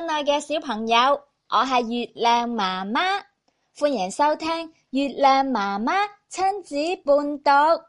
親愛嘅小朋友，我係月亮媽媽，歡迎收聽月亮媽媽親子伴讀。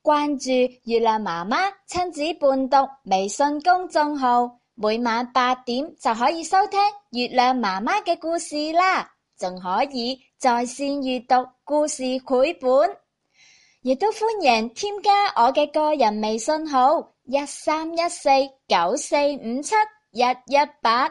關注月亮媽媽親子伴讀微信公眾號，每晚八點就可以收聽月亮媽媽嘅故事啦，仲可以在線閱讀故事繪本，亦都歡迎添加我嘅個人微信號一三一四九四五七一一八。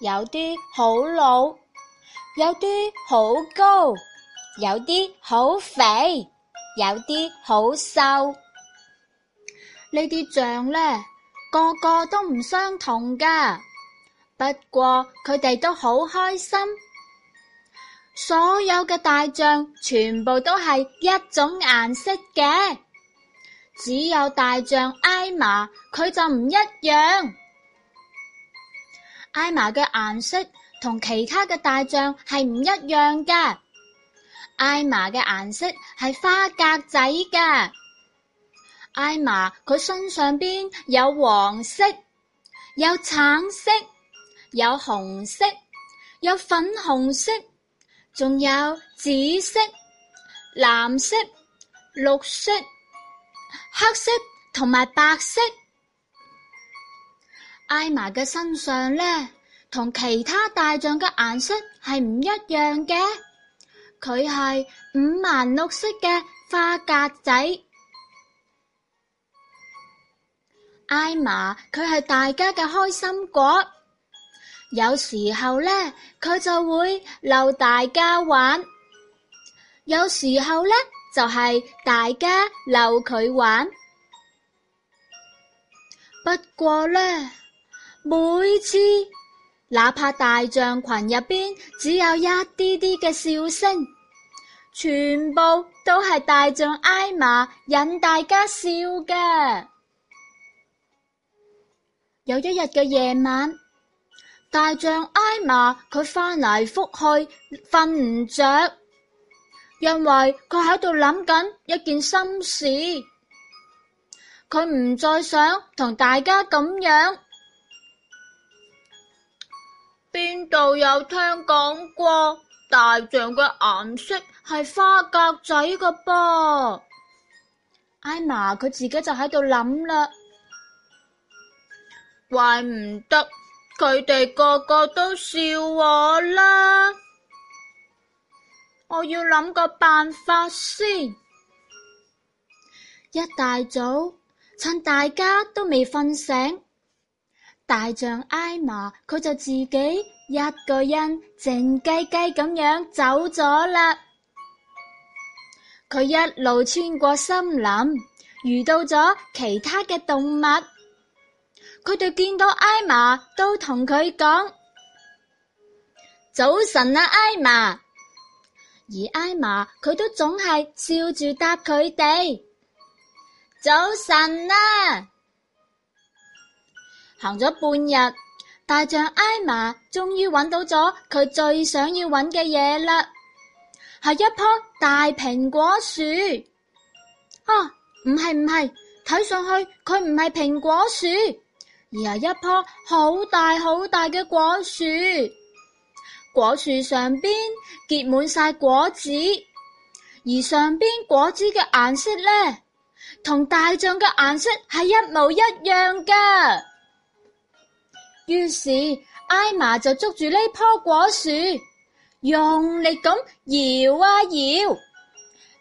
有啲好老，有啲好高，有啲好肥，有啲好瘦。呢啲 象呢，個個都唔相同噶不過佢哋都好開心。所有嘅大象全部都係一種顏色嘅，只有大象埃馬，佢就唔一樣。艾瑪嘅顏色同其他嘅大象係唔一樣嘅。艾瑪嘅顏色係花格仔嘅。艾瑪佢身上邊有黃色、有橙色、有紅色、有粉紅色，仲有紫色、藍色、綠色、黑色同埋白色。艾瑪嘅身上呢，同其他大象嘅顏色係唔一樣嘅，佢係五顏六色嘅花格仔。艾瑪佢係大家嘅開心果，有時候呢，佢就會逗大家玩，有時候呢，就係、是、大家逗佢玩。不過呢。每次，哪怕大象群入邊只有一啲啲嘅笑聲，全部都係大象艾瑪引大家笑嘅。有一日嘅夜晚，大象艾瑪佢翻嚟覆去，瞓唔着，因為佢喺度諗緊一件心事，佢唔再想同大家咁樣。邊度有聽講過大象嘅顏色係花格仔㗎噃？艾瑪佢自己就喺度諗啦，怪唔得佢哋個個都笑我啦。我要諗個辦法先。一大早，趁大家都未瞓醒，大象艾瑪，佢就自己一個人靜雞雞咁樣走咗啦。佢一路穿過森林，遇到咗其他嘅動物，佢哋見到艾瑪都同佢講：早晨啊，艾瑪。而艾瑪佢都總係笑住答佢哋：早晨啊。行咗半日，大象艾瑪終於搵到咗佢最想要搵嘅嘢啦，係一棵大蘋果樹啊！唔係唔係，睇上去佢唔係蘋果樹，而係一棵好大好大嘅果樹。果樹上邊結滿晒果子，而上邊果子嘅顏色呢，同大象嘅顏色係一模一樣噶。於是艾瑪就捉住呢棵果樹，用力咁搖啊搖，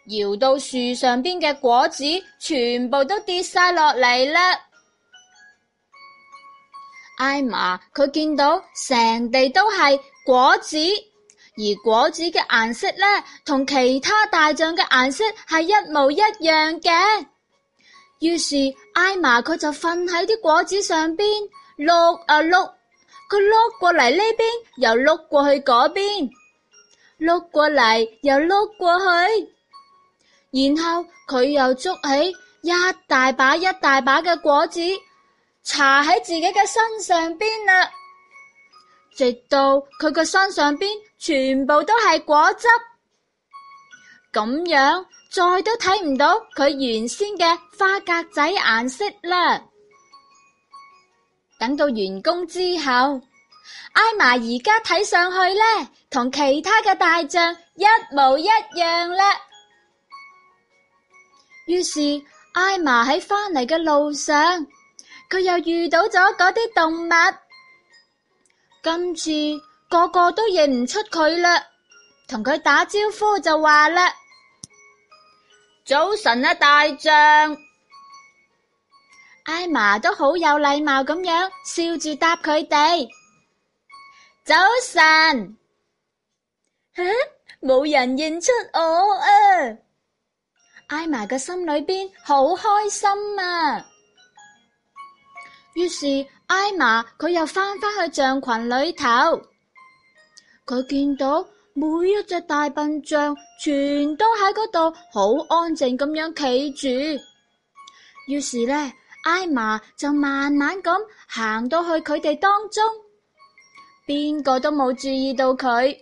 搖，搖到樹上邊嘅果子全部都跌晒落嚟啦。艾瑪佢見到成地都係果子，而果子嘅顏色呢，同其他大象嘅顏色係一模一樣嘅。於是艾瑪佢就瞓喺啲果子上邊。碌啊碌，佢碌過嚟呢邊，又碌過去嗰邊，碌過嚟又碌過去，然後佢又捉起一大把一大把嘅果子，搽喺自己嘅身上邊啦，直到佢個身上邊全部都係果汁，咁樣再都睇唔到佢原先嘅花格仔顏色啦。等到完工之後，艾瑪而家睇上去呢，同其他嘅大象一模一樣啦。於是艾瑪喺返嚟嘅路上，佢又遇到咗嗰啲動物，今次個個都認唔出佢啦，同佢打招呼就話啦：「早晨啊，大象。」艾瑪都好有禮貌咁樣笑住答佢哋。早晨，啊，冇人認出我啊！艾瑪嘅心裏邊好開心啊。於是艾瑪佢又翻返去象群裏頭，佢見到每一隻大笨象全都喺嗰度好安靜咁樣企住。於是呢。艾瑪就慢慢咁行到去佢哋當中，邊個都冇注意到佢。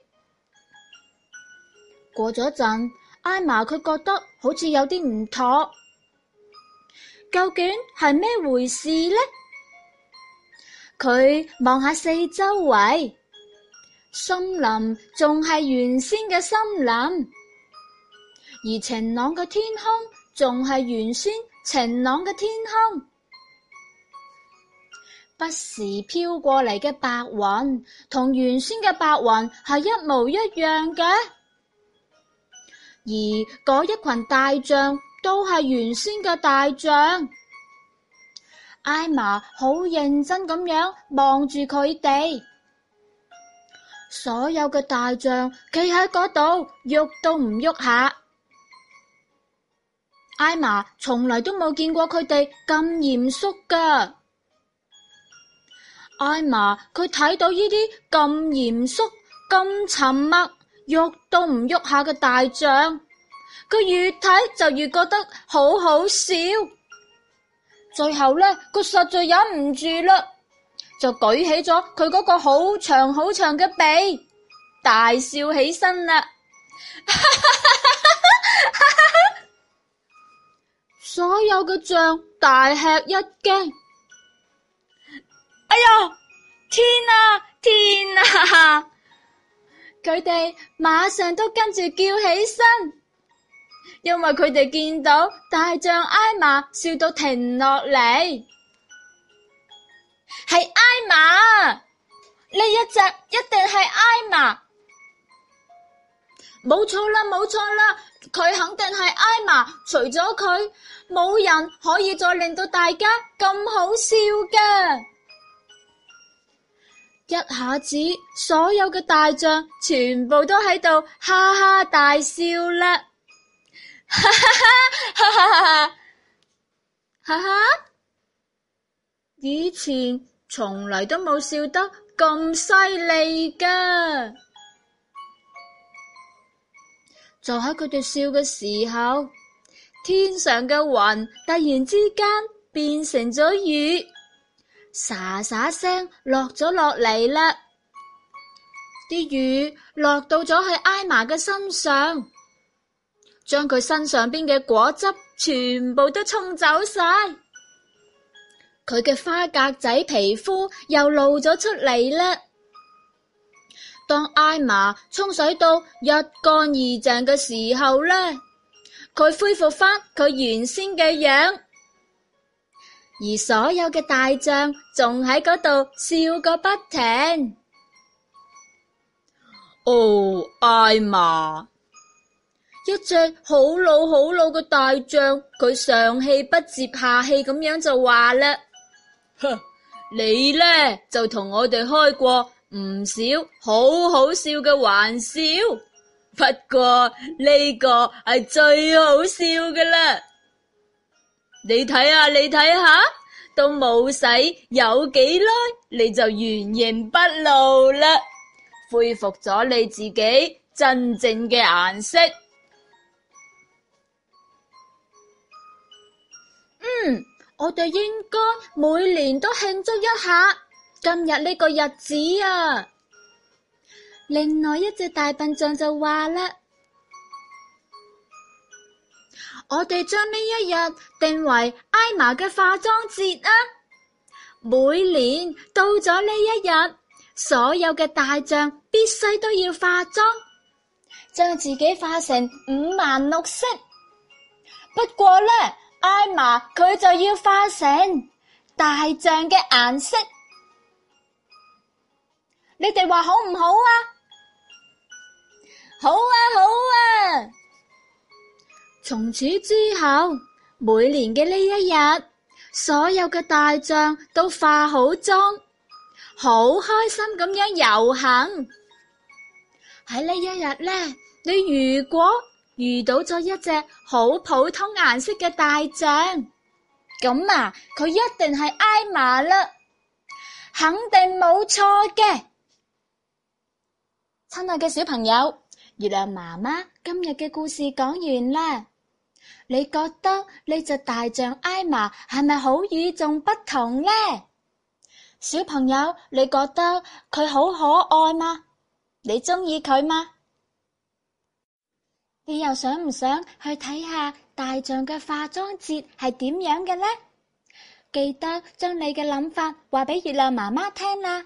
過咗一陣，艾瑪佢覺得好似有啲唔妥，究竟係咩回事呢？佢望下四周圍，森林仲係原先嘅森林，而晴朗嘅天空仲係原先晴朗嘅天空。不時飄過嚟嘅白雲，同原先嘅白雲係一模一樣嘅。而嗰一群大象都係原先嘅大象。艾瑪好認真咁樣望住佢哋，所有嘅大象企喺嗰度，喐都唔喐下。艾瑪從來都冇見過佢哋咁嚴肅噶。艾瑪佢睇到呢啲咁嚴肅、咁沉默、喐都唔喐下嘅大象，佢越睇就越覺得好好笑。最後呢，佢實在忍唔住啦，就舉起咗佢嗰個好長好長嘅鼻，大笑起身啦。 所有嘅象大吃一驚。哎呀！天啊，天啊！哈哈！佢哋馬上都跟住叫起身，因為佢哋見到大象艾瑪笑到停落嚟，係艾瑪，呢一隻一定係艾瑪，冇錯啦，冇錯啦，佢肯定係艾瑪，除咗佢冇人可以再令到大家咁好笑㗎。一下子，所有嘅大象全部都喺度哈哈大笑啦！哈哈哈，哈哈哈，哈哈！以前從來都冇笑得咁犀利噶。 就喺佢哋笑嘅時候，天上嘅雲突然之間變成咗雨。沙沙聲落咗落嚟啦，啲雨落到咗喺艾瑪嘅身上，將佢身上邊嘅果汁全部都沖走晒，佢嘅花格仔皮膚又露咗出嚟啦。當艾瑪沖水到一乾二淨嘅時候呢，佢恢復翻佢原先嘅樣。而所有嘅大象仲喺嗰度笑個不停。哦、oh，艾瑪，一隻好老好老嘅大象，佢上氣不接下氣咁樣就話啦，哼， 你呢，就同我哋開過唔少好好笑嘅玩笑，不過呢、這個係最好笑嘅啦。你睇下，你睇下，都冇使有幾耐，你就原形畢露啦，恢復咗你自己真正嘅顏色。嗯，我哋應該每年都慶祝一下今日呢個日子啊。另外一隻大笨象就話啦。我哋將呢一日定為艾瑪嘅化妝節啊！每年到咗呢一日，所有嘅大象必須都要化妝，將自己化成五顏六色。不過呢，艾瑪佢就要化成大象嘅顏色。你哋話好唔好啊？好啊！從此之後，每年嘅呢一日，所有嘅大象都化好妝，好開心咁樣遊行。喺呢一日呢，你如果遇到咗一隻好普通顏色嘅大象，咁啊，佢一定係艾瑪啦，肯定冇錯嘅。親愛嘅小朋友，月亮媽媽今日嘅故事講完啦。你覺得呢隻大象艾瑪係咪好與眾不同呢？小朋友，你覺得佢好可愛嗎？你鍾意佢嗎？你又想唔想去睇下大象嘅化妝節係點樣嘅呢？記得將你嘅諗法話俾月亮媽媽聽啦。